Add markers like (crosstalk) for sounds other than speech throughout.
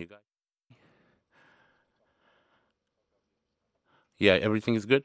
You Yeah, everything is good?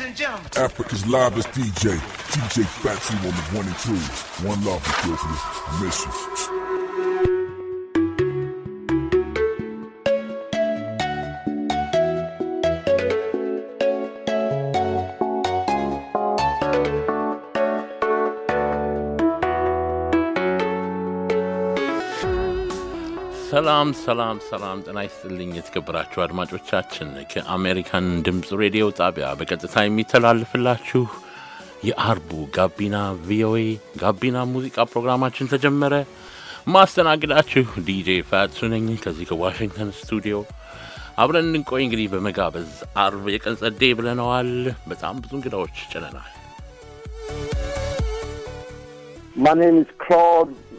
Ladies and gentlemen. Africa's livest DJ, DJ Fatu on the one and two. One love, Ethiopia. I miss you. ሰላም ሰላም ሰላም፣ ጤና ይስጥልኝ የተከበራችሁ አድማጮቻችን ከአሜሪካን ድምፅ ሬዲዮ ጣቢያ በቀጥታ የሚተላልፍላችሁ የአርቡ ጋቢና ቪኦኤ ጋቢና ሙዚቃ ፕሮግራማችን ተጀመረ። ማስተናግዳችሁ ዲጄ ፋያሱ ነኝ ከዚህ ከዋሽንግተን ስቱዲዮ አብረን እንድንቆይ እንግዲህ በመጋበዝ አርብ የቀን ጸዴ ብለነዋል። በጣም ብዙ እንግዳዎች ጭነናል። My name is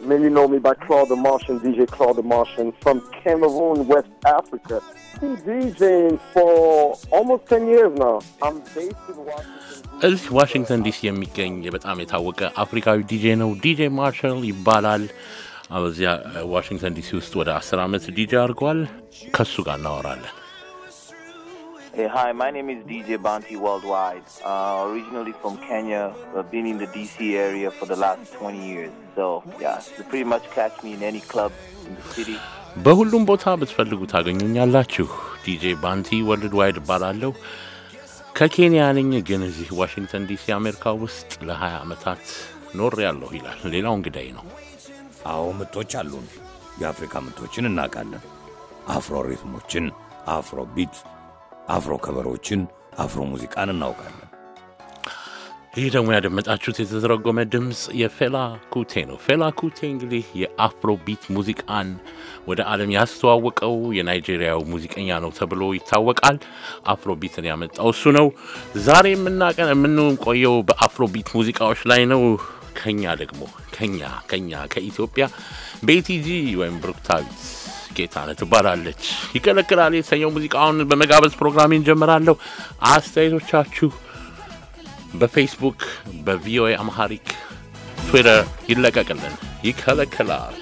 Many know me by Claude the Martian, DJ Claude the Martian from Cameroon, West Africa. I've been DJing for almost 10 years now. I'm based in Washington. D.C. ዋሽንግተን ዲሲ የሚገኝ በጣም የታወቀ አፍሪካዊ ዲጄ DJ ዲጄ ማርሻል ይባላል። በዚያ ዋሽንግተን ዲሲ ውስጥ ወደ 10 ዓመት ዲጄ አድርጓል። ከሱ ጋር እናወራለን። Hey, hi, my name is DJ Banti Worldwide, uh, originally from Kenya, I've been in the DC area for the last 20 years. በሁሉም ቦታ ብትፈልጉ ታገኙኛላችሁ። ዲጄ ባንቲ ወርልድ ዋይድ እባላለሁ። ከኬንያ ነኝ፣ ግን እዚህ ዋሽንግተን ዲሲ አሜሪካ ውስጥ ለ20 ዓመታት ኖር ያለሁ ይላል። ሌላው እንግዳይ ነው። አዎ ምቶች አሉን። የአፍሪካ ምቶችን እናውቃለን። አፍሮ ሪትሞችን፣ አፍሮ ቢት፣ አፍሮ ከበሮችን፣ አፍሮ ሙዚቃን እናውቃለን። ይህ ደግሞ ያደመጣችሁት የተተረጎመ ድምፅ የፌላ ኩቴ ነው። ፌላ ኩቴ እንግዲህ የአፍሮቢት ሙዚቃን ወደ ዓለም ያስተዋወቀው የናይጄሪያው ሙዚቀኛ ነው ተብሎ ይታወቃል። አፍሮቢትን ያመጣው እሱ ነው። ዛሬ የምናቀን የምንቆየው በአፍሮቢት ሙዚቃዎች ላይ ነው። ከኛ ደግሞ ከኛ ከኛ ከኢትዮጵያ ቤቲጂ ወይም ብሩክታዊት ጌታነህ ትባላለች። ይከለክላል የተሰኘው ሙዚቃውን በመጋበዝ ፕሮግራሜ እንጀምራለሁ። አስተያየቶቻችሁ በፌስቡክ በቪኦኤ አምሃሪክ ትዊተር ይለቀቅልን ይከለክላል።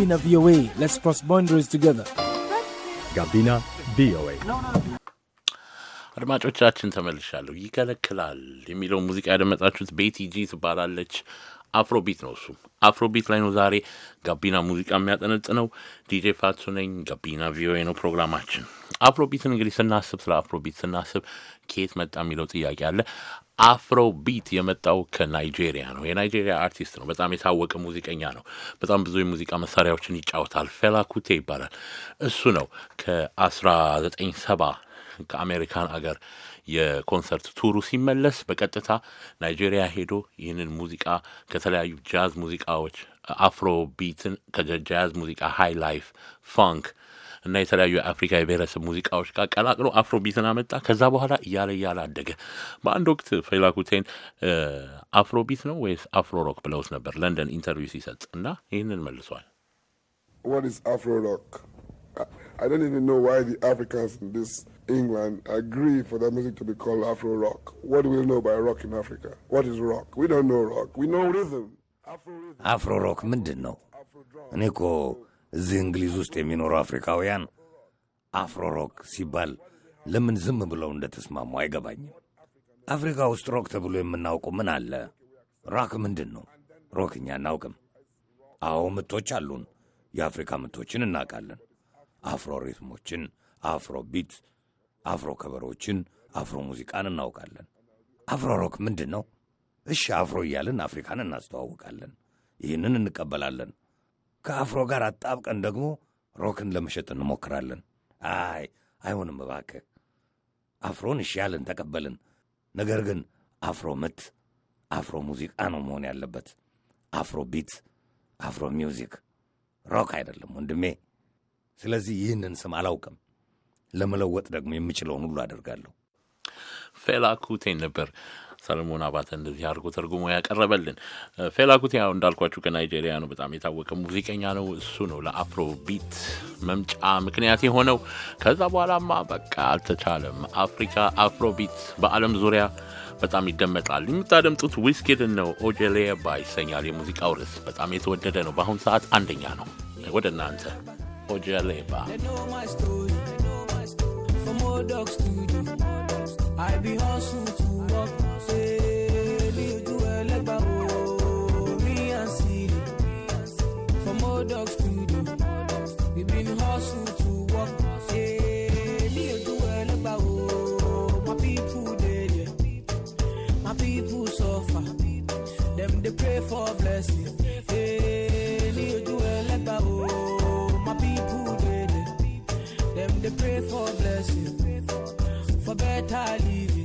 ጋቢና ቪኦኤ ሌትስ ክሮስ ቦንደሪስ ቱጌዘር። ጋቢና ቪኦኤ አድማጮቻችን ተመልሻለሁ። ይከለክላል የሚለው ሙዚቃ ያደመጣችሁት ቤቲ ጂ ትባላለች። አፍሮቢት ነው። እሱም አፍሮቢት ላይ ነው ዛሬ ጋቢና ሙዚቃ የሚያጠነጥነው። ዲጄ ፋቱ ነኝ። ጋቢና ቪኦኤ ነው ፕሮግራማችን። አፍሮቢትን እንግዲህ ስናስብ ስለ አፍሮቢት ስናስብ ከየት መጣ የሚለው ጥያቄ አለ። አፍሮ ቢት የመጣው ከናይጄሪያ ነው። የናይጄሪያ አርቲስት ነው። በጣም የታወቀ ሙዚቀኛ ነው። በጣም ብዙ የሙዚቃ መሳሪያዎችን ይጫወታል። ፌላኩቴ ይባላል። እሱ ነው ከ 1970 ከአሜሪካን አገር የኮንሰርት ቱሩ ሲመለስ በቀጥታ ናይጄሪያ ሄዶ ይህንን ሙዚቃ ከተለያዩ ጃዝ ሙዚቃዎች አፍሮ ቢትን ከጃዝ ሙዚቃ ሃይ ላይፍ፣ ፋንክ እና የተለያዩ የአፍሪካ የብሔረሰብ ሙዚቃዎች ጋር ቀላቅሎ አፍሮ ቢትን አመጣ። ከዛ በኋላ እያለ እያለ አደገ። በአንድ ወቅት ፌላኩቴን አፍሮ ቢት ነው ወይስ አፍሮ ሮክ ብለውት ነበር ለንደን ኢንተርቪው ሲሰጥ እና ይህንን መልሷል። What is Afro rock? I don't even know why the Africans in this England agree for that music to be called Afro rock. What do we know by rock in Africa? What is rock? We don't know rock. We know rhythm. አፍሮ ሮክ ምንድን ነው? እኔ እኮ እዚህ እንግሊዝ ውስጥ የሚኖሩ አፍሪካውያን አፍሮ ሮክ ሲባል ለምን ዝም ብለው እንደተስማሙ አይገባኝም። አፍሪካ ውስጥ ሮክ ተብሎ የምናውቁ ምን አለ? ሮክ ምንድን ነው? ሮክ እኛ አናውቅም። አዎ ምቶች አሉን። የአፍሪካ ምቶችን እናውቃለን። አፍሮ ሪትሞችን፣ አፍሮ ቢት፣ አፍሮ ከበሮዎችን አፍሮ ሙዚቃን እናውቃለን። አፍሮ ሮክ ምንድን ነው? እሺ አፍሮ እያልን አፍሪካን እናስተዋውቃለን። ይህንን እንቀበላለን። ከአፍሮ ጋር አጣብቀን ደግሞ ሮክን ለመሸጥ እንሞክራለን። አይ አይሆንም እባክህ። አፍሮን እሺ ያልን ተቀበልን። ነገር ግን አፍሮ ምት፣ አፍሮ ሙዚቃ ነው መሆን ያለበት። አፍሮ ቢት፣ አፍሮ ሚውዚክ ሮክ አይደለም ወንድሜ። ስለዚህ ይህንን ስም አላውቅም። ለመለወጥ ደግሞ የምችለውን ሁሉ አደርጋለሁ። ፌላኩቴን ነበር ሰለሞን አባተ እንደዚህ አድርጎ ተርጉሞ ያቀረበልን። ፌላኩቴ ያው እንዳልኳችሁ ከናይጄሪያ ነው። በጣም የታወቀ ሙዚቀኛ ነው። እሱ ነው ለአፍሮ ቢት መምጫ ምክንያት የሆነው። ከዛ በኋላማ በቃ አልተቻለም። አፍሪካ አፍሮ ቢት በዓለም ዙሪያ በጣም ይደመጣል። የምታደምጡት ዊስኪድን ነው። ኦጀሌባ ይሰኛል የሙዚቃው ርዕስ። በጣም የተወደደ ነው። በአሁኑ ሰዓት አንደኛ ነው። ወደ እናንተ ኦጀሌባ dogs to do. I be hustling to work. Say, be you do a legba, me and see. For more dogs to do. We been hustling to work. Say, be you do a legba, my people dead. My people suffer. Them they pray for blessing. Hey, me you do a legba, my people dead. Them they pray for blessing for better living.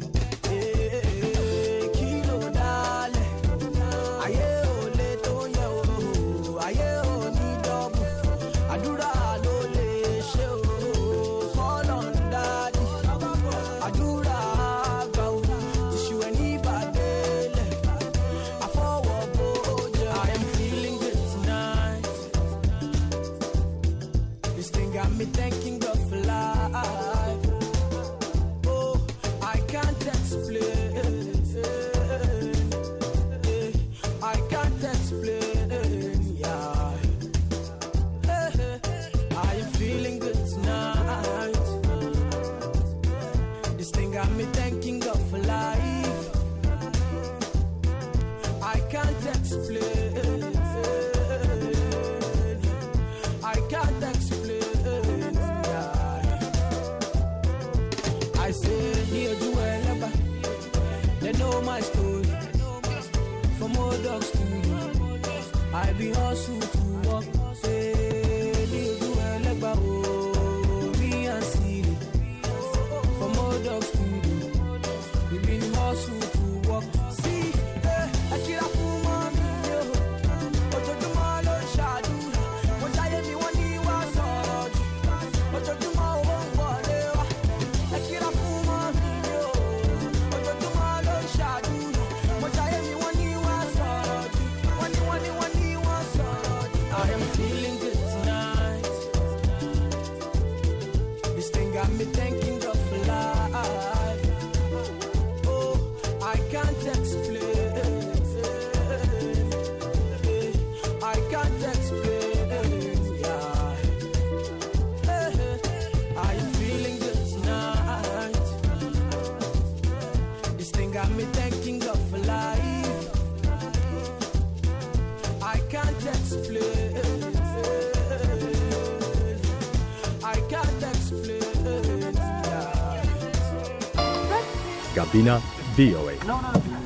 ጋቢና ቪኦኤ።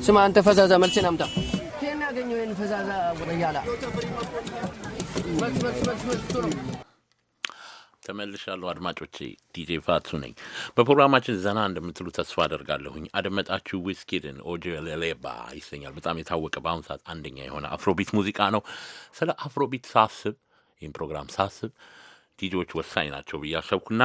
ስማ አንተ ፈዛዛ መልሴን አምጣ። ያገኘው ፈዛዛ ያላ ተመልሻለሁ። አድማጮቼ ዲጄ ፋቱ ነኝ። በፕሮግራማችን ዘና እንደምትሉ ተስፋ አደርጋለሁኝ። አደመጣችሁ ዊስኪድን ኦጀሌባ ይሰኛል። በጣም የታወቀ በአሁኑ ሰዓት አንደኛ የሆነ አፍሮቢት ሙዚቃ ነው። ስለ አፍሮቢት ሳስብ፣ ይህን ፕሮግራም ሳስብ ዲጄዎች ወሳኝ ናቸው ብዬ አሰብኩና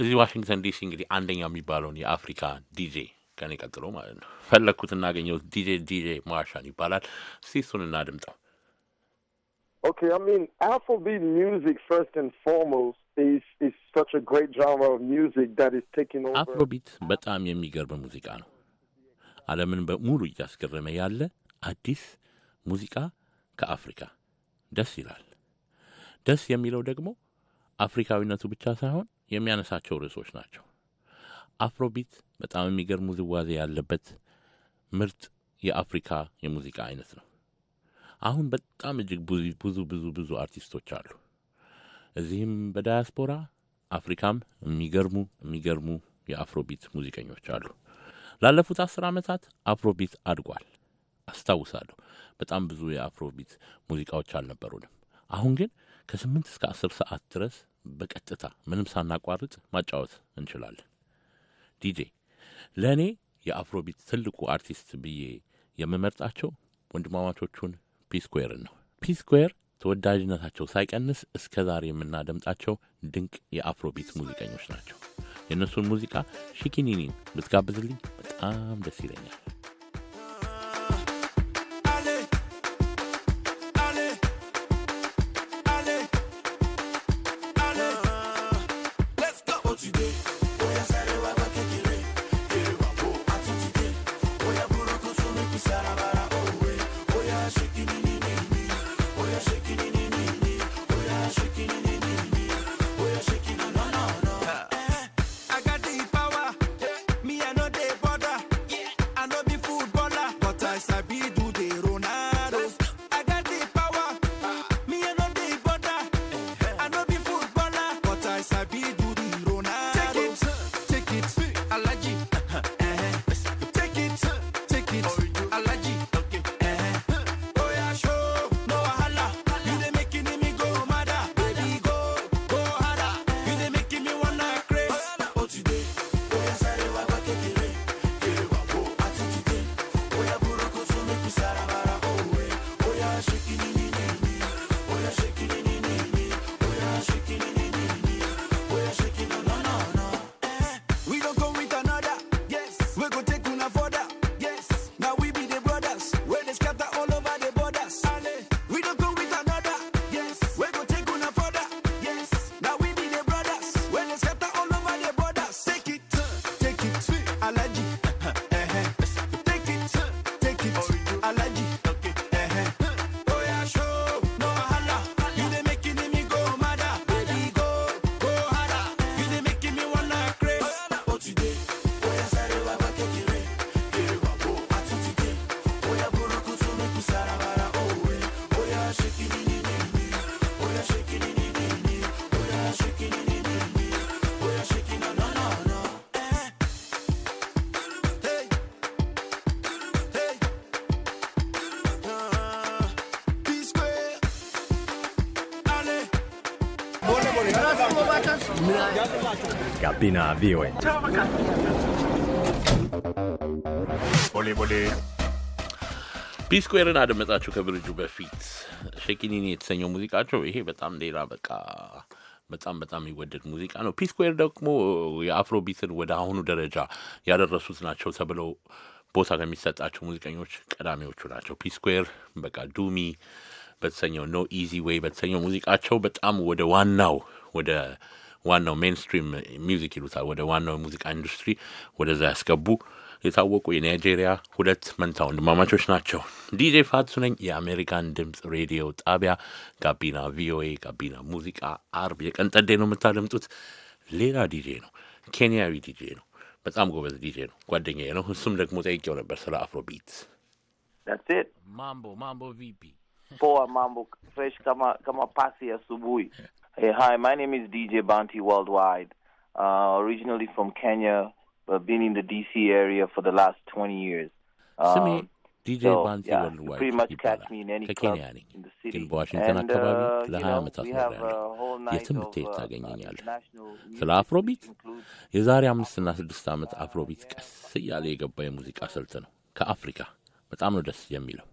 እዚህ ዋሽንግተን ዲሲ እንግዲህ አንደኛው የሚባለውን የአፍሪካ ዲጄ ከኔ ቀጥሎ ማለት ነው። ፈለግኩት እናገኘው ዲጄ ዲጄ ማሻን ይባላል። እስቲ እሱን እናድምጠው። Okay, I mean, Afrobeat music, first and foremost, is, is such a great genre of music that is taking over. አፍሮቢት በጣም የሚገርም ሙዚቃ ነው። ዓለምን በሙሉ እያስገረመ ያለ አዲስ ሙዚቃ ከአፍሪካ ደስ ይላል። ደስ የሚለው ደግሞ አፍሪካዊነቱ ብቻ ሳይሆን የሚያነሳቸው ርዕሶች ናቸው። አፍሮቢት በጣም የሚገርም ውዝዋዜ ያለበት ምርጥ የአፍሪካ የሙዚቃ አይነት ነው። አሁን በጣም እጅግ ብዙ ብዙ ብዙ አርቲስቶች አሉ። እዚህም በዳያስፖራ አፍሪካም የሚገርሙ የሚገርሙ የአፍሮቢት ሙዚቀኞች አሉ። ላለፉት አስር ዓመታት አፍሮቢት አድጓል። አስታውሳለሁ በጣም ብዙ የአፍሮቢት ሙዚቃዎች አልነበሩንም። አሁን ግን ከስምንት እስከ አስር ሰዓት ድረስ በቀጥታ ምንም ሳናቋርጥ ማጫወት እንችላለን። ዲጄ ለእኔ የአፍሮቢት ትልቁ አርቲስት ብዬ የምመርጣቸው ወንድማማቾቹን ፒስኩዌርን ነው። ፒስኩዌር ተወዳጅነታቸው ሳይቀንስ እስከ ዛሬ የምናደምጣቸው ድንቅ የአፍሮቢት ሙዚቀኞች ናቸው። የእነሱን ሙዚቃ ሺኪኒኒ ብትጋብዝልኝ በጣም ደስ ይለኛል። ጋቢና ቪኦኤ ፒስኩዌርን አደመጣችሁ። ከብርጁ በፊት ሸኪኒኒ የተሰኘው ሙዚቃቸው ይሄ በጣም ሌላ በቃ በጣም በጣም የሚወደድ ሙዚቃ ነው። ፒስኩዌር ደግሞ የአፍሮቢትን ወደ አሁኑ ደረጃ ያደረሱት ናቸው ተብለው ቦታ ከሚሰጣቸው ሙዚቀኞች ቀዳሚዎቹ ናቸው። ፒስኩዌር በቃ ዱሚ በተሰኘው ኖ ኢዚ ዌይ በተሰኘው ሙዚቃቸው በጣም ወደ ዋናው ወደ ዋናው ሜንስትሪም ሚውዚክ ይሉታል ወደ ዋናው ሙዚቃ ኢንዱስትሪ ወደዛ ያስገቡ የታወቁ የናይጄሪያ ሁለት መንታ ወንድማማቾች ናቸው። ዲጄ ፋትሱ ነኝ። የአሜሪካን ድምፅ ሬዲዮ ጣቢያ ጋቢና ቪኦኤ ጋቢና ሙዚቃ አርብ የቀን ጠዴ ነው የምታደምጡት። ሌላ ዲጄ ነው፣ ኬንያዊ ዲጄ ነው። በጣም ጎበዝ ዲጄ ነው፣ ጓደኛዬ ነው። እሱም ደግሞ ጠይቄው ነበር ስለ ቢት። ማምቦ ማምቦ ቪፒ ፖ ማምቦ ፍሬሽ kama kama Hey, hi, my name is DJ Banti Worldwide, uh, originally from Kenya, but been in the DC area for the last 20 years. Um, DJ so, yeah, Worldwide. pretty much catch me in any club in the city. ዋሽንግተን አካባቢ ለሀያ ዓመታት ኖሬያለሁ። የትም ብትሄድ ታገኘኛለህ። ስለ አፍሮቢት የዛሬ አምስትና ስድስት ዓመት አፍሮቢት ቀስ እያለ የገባ የሙዚቃ ስልት ነው ከአፍሪካ በጣም ነው ደስ የሚለው።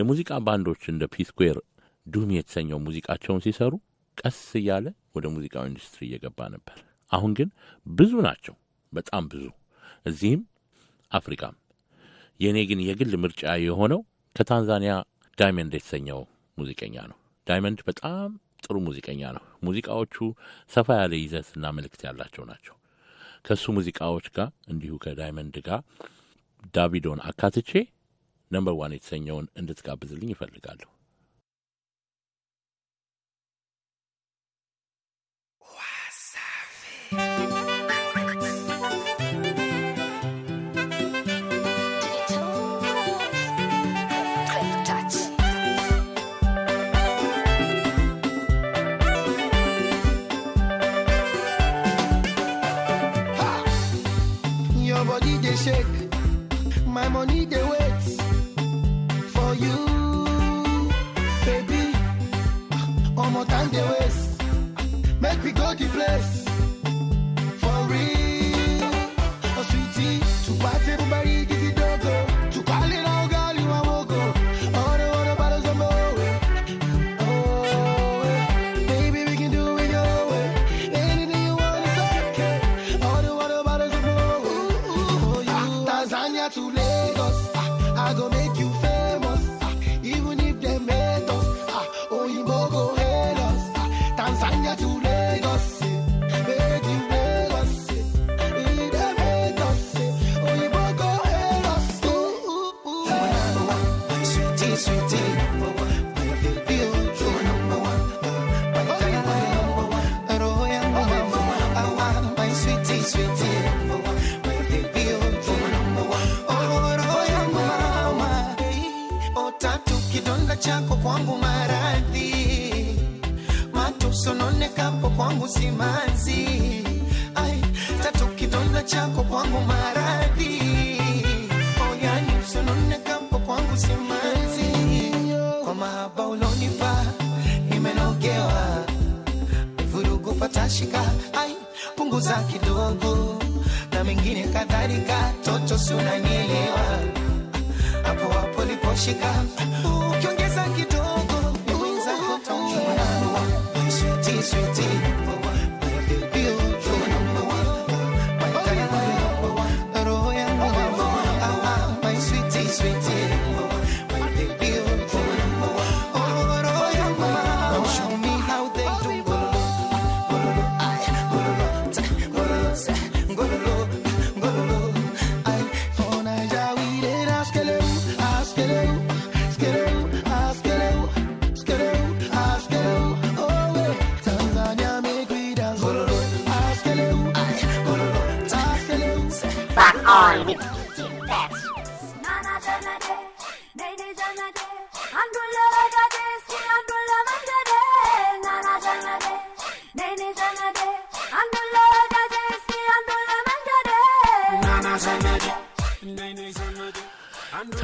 የሙዚቃ ባንዶች እንደ ፒስኩዌር ዱም የተሰኘው ሙዚቃቸውን ሲሰሩ ቀስ እያለ ወደ ሙዚቃው ኢንዱስትሪ እየገባ ነበር። አሁን ግን ብዙ ናቸው፣ በጣም ብዙ፣ እዚህም አፍሪካም። የእኔ ግን የግል ምርጫ የሆነው ከታንዛኒያ ዳይመንድ የተሰኘው ሙዚቀኛ ነው። ዳይመንድ በጣም ጥሩ ሙዚቀኛ ነው። ሙዚቃዎቹ ሰፋ ያለ ይዘትና መልእክት ያላቸው ናቸው። ከእሱ ሙዚቃዎች ጋር እንዲሁ ከዳይመንድ ጋር ዳቪዶን አካትቼ ነምበር ዋን የተሰኘውን እንድትጋብዝልኝ ይፈልጋለሁ። shake my money they wait for you baby omo time they waste make me go the place for real oh sweetie To party, everybody. por cima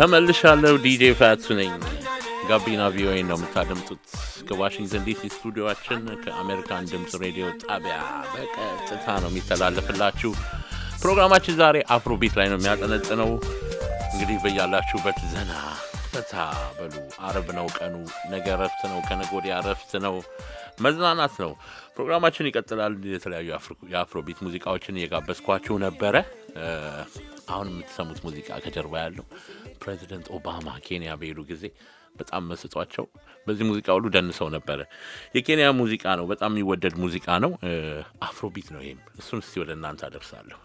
ተመልሻለሁ። ዲጄ ፋያቱ ነኝ። ጋቢና ቪኦኤ ነው የምታደምጡት ከዋሽንግተን ዲሲ ስቱዲዮችን ከአሜሪካን ድምፅ ሬዲዮ ጣቢያ በቀጥታ ነው የሚተላለፍላችሁ። ፕሮግራማችን ዛሬ አፍሮቢት ላይ ነው የሚያጠነጥነው። እንግዲህ በያላችሁበት ዘና ፈታ በሉ። አርብ ነው ቀኑ፣ ነገ እረፍት ነው፣ ከነገ ወዲያ እረፍት ነው፣ መዝናናት ነው። ፕሮግራማችን ይቀጥላል። የተለያዩ የአፍሮቢት ሙዚቃዎችን እየጋበዝኳችሁ ነበረ። አሁን የምትሰሙት ሙዚቃ ከጀርባ ያለው ፕሬዚደንት ኦባማ ኬንያ በሄዱ ጊዜ በጣም መስጧቸው በዚህ ሙዚቃ ሁሉ ደንሰው ነበረ። የኬንያ ሙዚቃ ነው፣ በጣም የሚወደድ ሙዚቃ ነው። አፍሮቢት ነው። ይሄም እሱን እስቲ ወደ እናንተ አደርሳለሁ።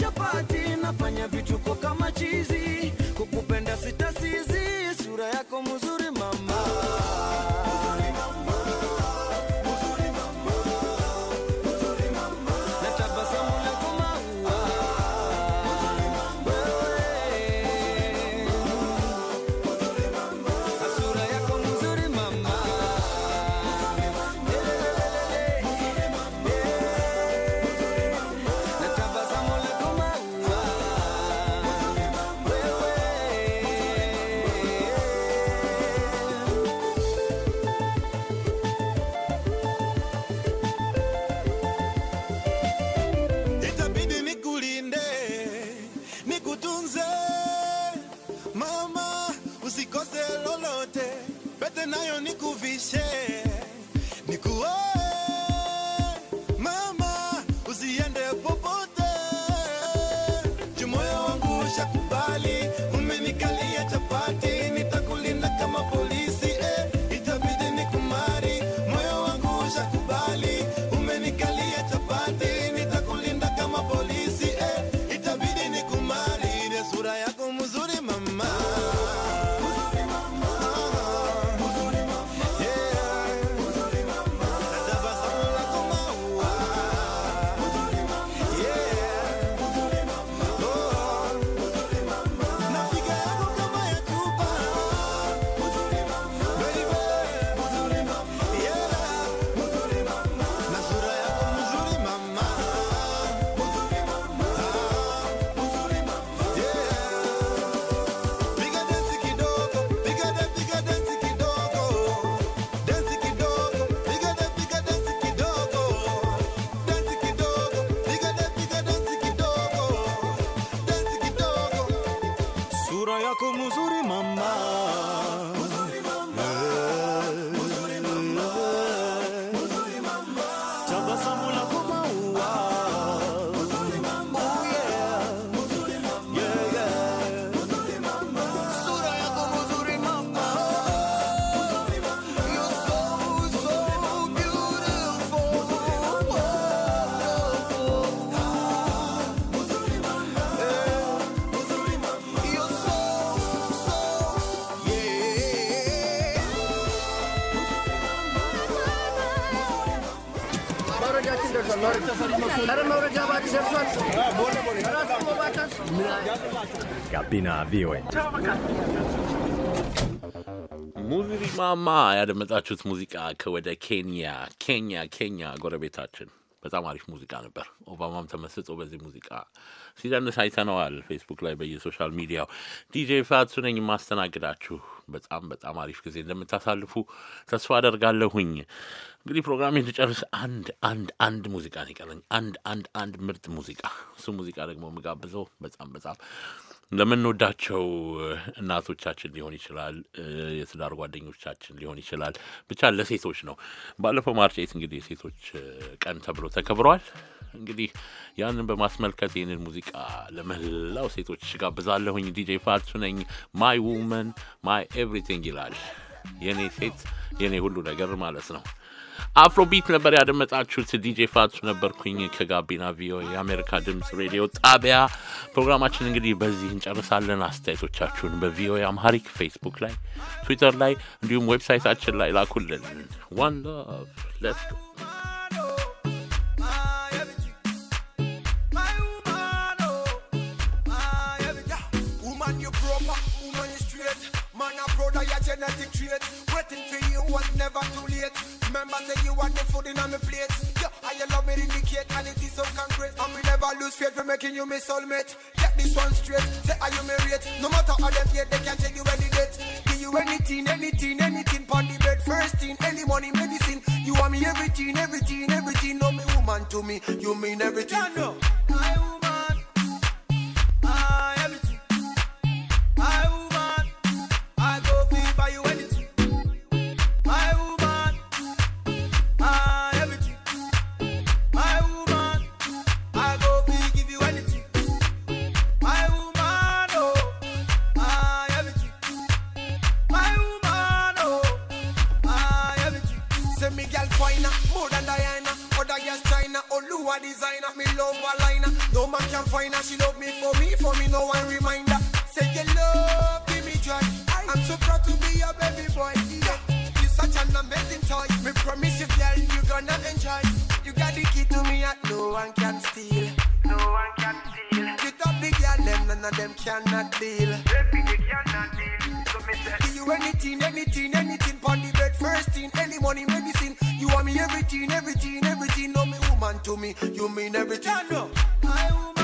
chapati, nafanya vituko kama chizi. ጋቢና ቪኦኤ ሙዚማማ ያደመጣችሁት ሙዚቃ ከወደ ኬንያ ኬንያ ኬንያ ጎረቤታችን በጣም አሪፍ ሙዚቃ ነበር። ኦባማም ተመስጦ በዚህ ሙዚቃ ሲደንስ አይተነዋል። ፌስቡክ ላይ በየሶሻል ሚዲያው ዲጄ ፋትሱ ነኝ የማስተናግዳችሁ። በጣም በጣም አሪፍ ጊዜ እንደምታሳልፉ ተስፋ አደርጋለሁኝ። እንግዲህ ፕሮግራም የተጨርስ አንድ አንድ አንድ ሙዚቃ ነው የቀረኝ። አንድ አንድ አንድ ምርጥ ሙዚቃ። እሱ ሙዚቃ ደግሞ የምጋብዘው በጣም በጣም ለምንወዳቸው እናቶቻችን ሊሆን ይችላል፣ የትዳር ጓደኞቻችን ሊሆን ይችላል። ብቻ ለሴቶች ነው። ባለፈው ማርች ኤይት እንግዲህ የሴቶች ቀን ተብሎ ተከብሯል። እንግዲህ ያንን በማስመልከት ይህንን ሙዚቃ ለመላው ሴቶች ጋብዛለሁኝ። ዲጄ ፋቱ ነኝ። ማይ ውመን ማይ ኤቭሪቲንግ ይላል የኔ ሴት የኔ ሁሉ ነገር ማለት ነው። አፍሮቢት ነበር ያደመጣችሁት። ዲጄ ፋቱ ነበርኩኝ ከጋቢና ቪኦኤ የአሜሪካ ድምፅ ሬዲዮ ጣቢያ ፕሮግራማችን እንግዲህ በዚህ እንጨርሳለን። አስተያየቶቻችሁን በቪኦኤ አምሃሪክ ፌስቡክ ላይ፣ ትዊተር ላይ እንዲሁም ዌብሳይታችን ላይ ላኩልን። ዋን ላቭ ለስ genetic treat, Waiting for was never too late. Remember say you want the food in on my plate. Yeah, you love me indicate and it is so concrete. And we never lose faith for making you my soulmate. Get this one straight. Say are you married? No matter how them yet, they can not tell you any date. Give you anything, anything, anything. Pon the bed, first thing, any money, medicine. You want me everything, everything, everything. No me woman to me, you mean everything. Yeah, no. I choice. You got the key to me, and no one can steal. No one can steal. You top the girl, them none of them cannot deal. Baby, they cannot deal. So me say, do you anything, anything, anything? On the bed, first thing, any money, medicine. You want me everything, everything, everything. No me woman to me, you mean everything. Yeah, no, I woman.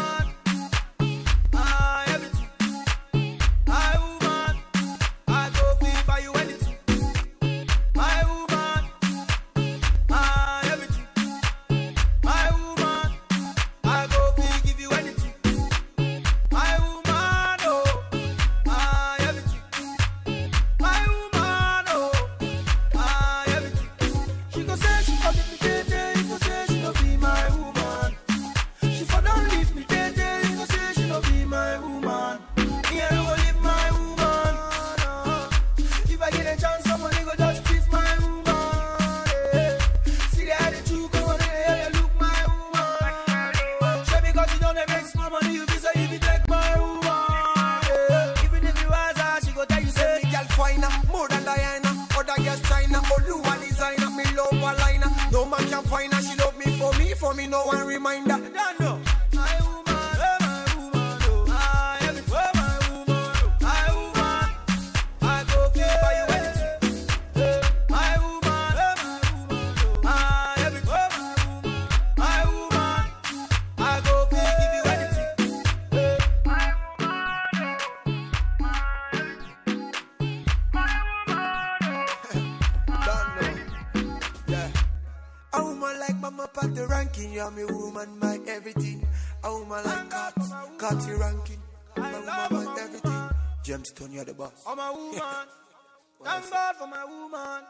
Max, Cartier ranking, my woman, woman everything. Gemstone, the boss. I'm a woman. (laughs) Thank God for my woman.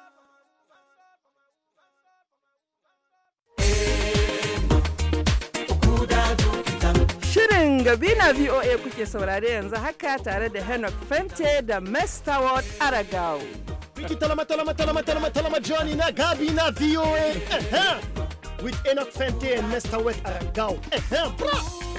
Shirin gabi na VOA kuke saurare yanzu haka tare da Henok Fente da Mr. Ward Wiki talama talama talama talama talama Johnny na gabi na VOA. With Enoch Fente and Mr. Ward